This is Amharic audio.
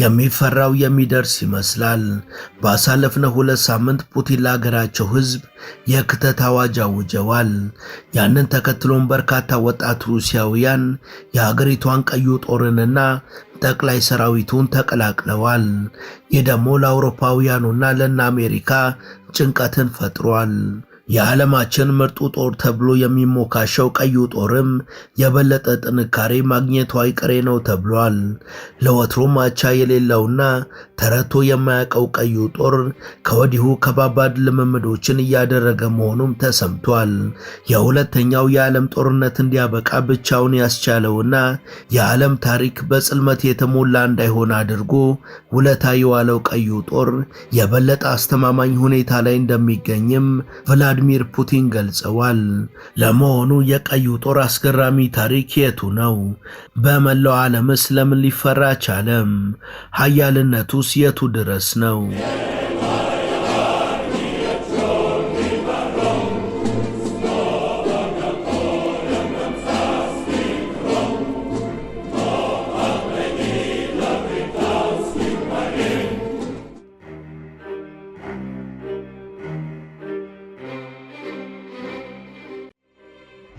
የሚፈራው የሚደርስ ይመስላል። ባሳለፍነው ሁለት ሳምንት ፑቲን ለአገራቸው ሕዝብ የክተት አዋጅ አውጀዋል። ያንን ተከትሎም በርካታ ወጣት ሩሲያውያን የአገሪቷን ቀዩ ጦርንና ጠቅላይ ሰራዊቱን ተቀላቅለዋል። ይህ ደግሞ ለአውሮፓውያኑና ለና አሜሪካ ጭንቀትን ፈጥሯል። የዓለማችን ምርጡ ጦር ተብሎ የሚሞካሸው ቀዩ ጦርም የበለጠ ጥንካሬ ማግኘቱ አይቀሬ ነው ተብሏል። ለወትሮም አቻ የሌለውና ተረቶ የማያውቀው ቀዩ ጦር ከወዲሁ ከባባድ ልምምዶችን እያደረገ መሆኑም ተሰምቷል። የሁለተኛው የዓለም ጦርነት እንዲያበቃ ብቻውን ያስቻለውና የዓለም ታሪክ በጽልመት የተሞላ እንዳይሆን አድርጎ ውለታ የዋለው ቀዩ ጦር የበለጠ አስተማማኝ ሁኔታ ላይ እንደሚገኝም ቭላድ ቭላድሚር ፑቲን ገልጸዋል። ለመሆኑ የቀዩ ጦር አስገራሚ ታሪክ የቱ ነው? በመላው ዓለምስ ለምን ሊፈራ ቻለም? ሀያልነቱስ የቱ ድረስ ነው?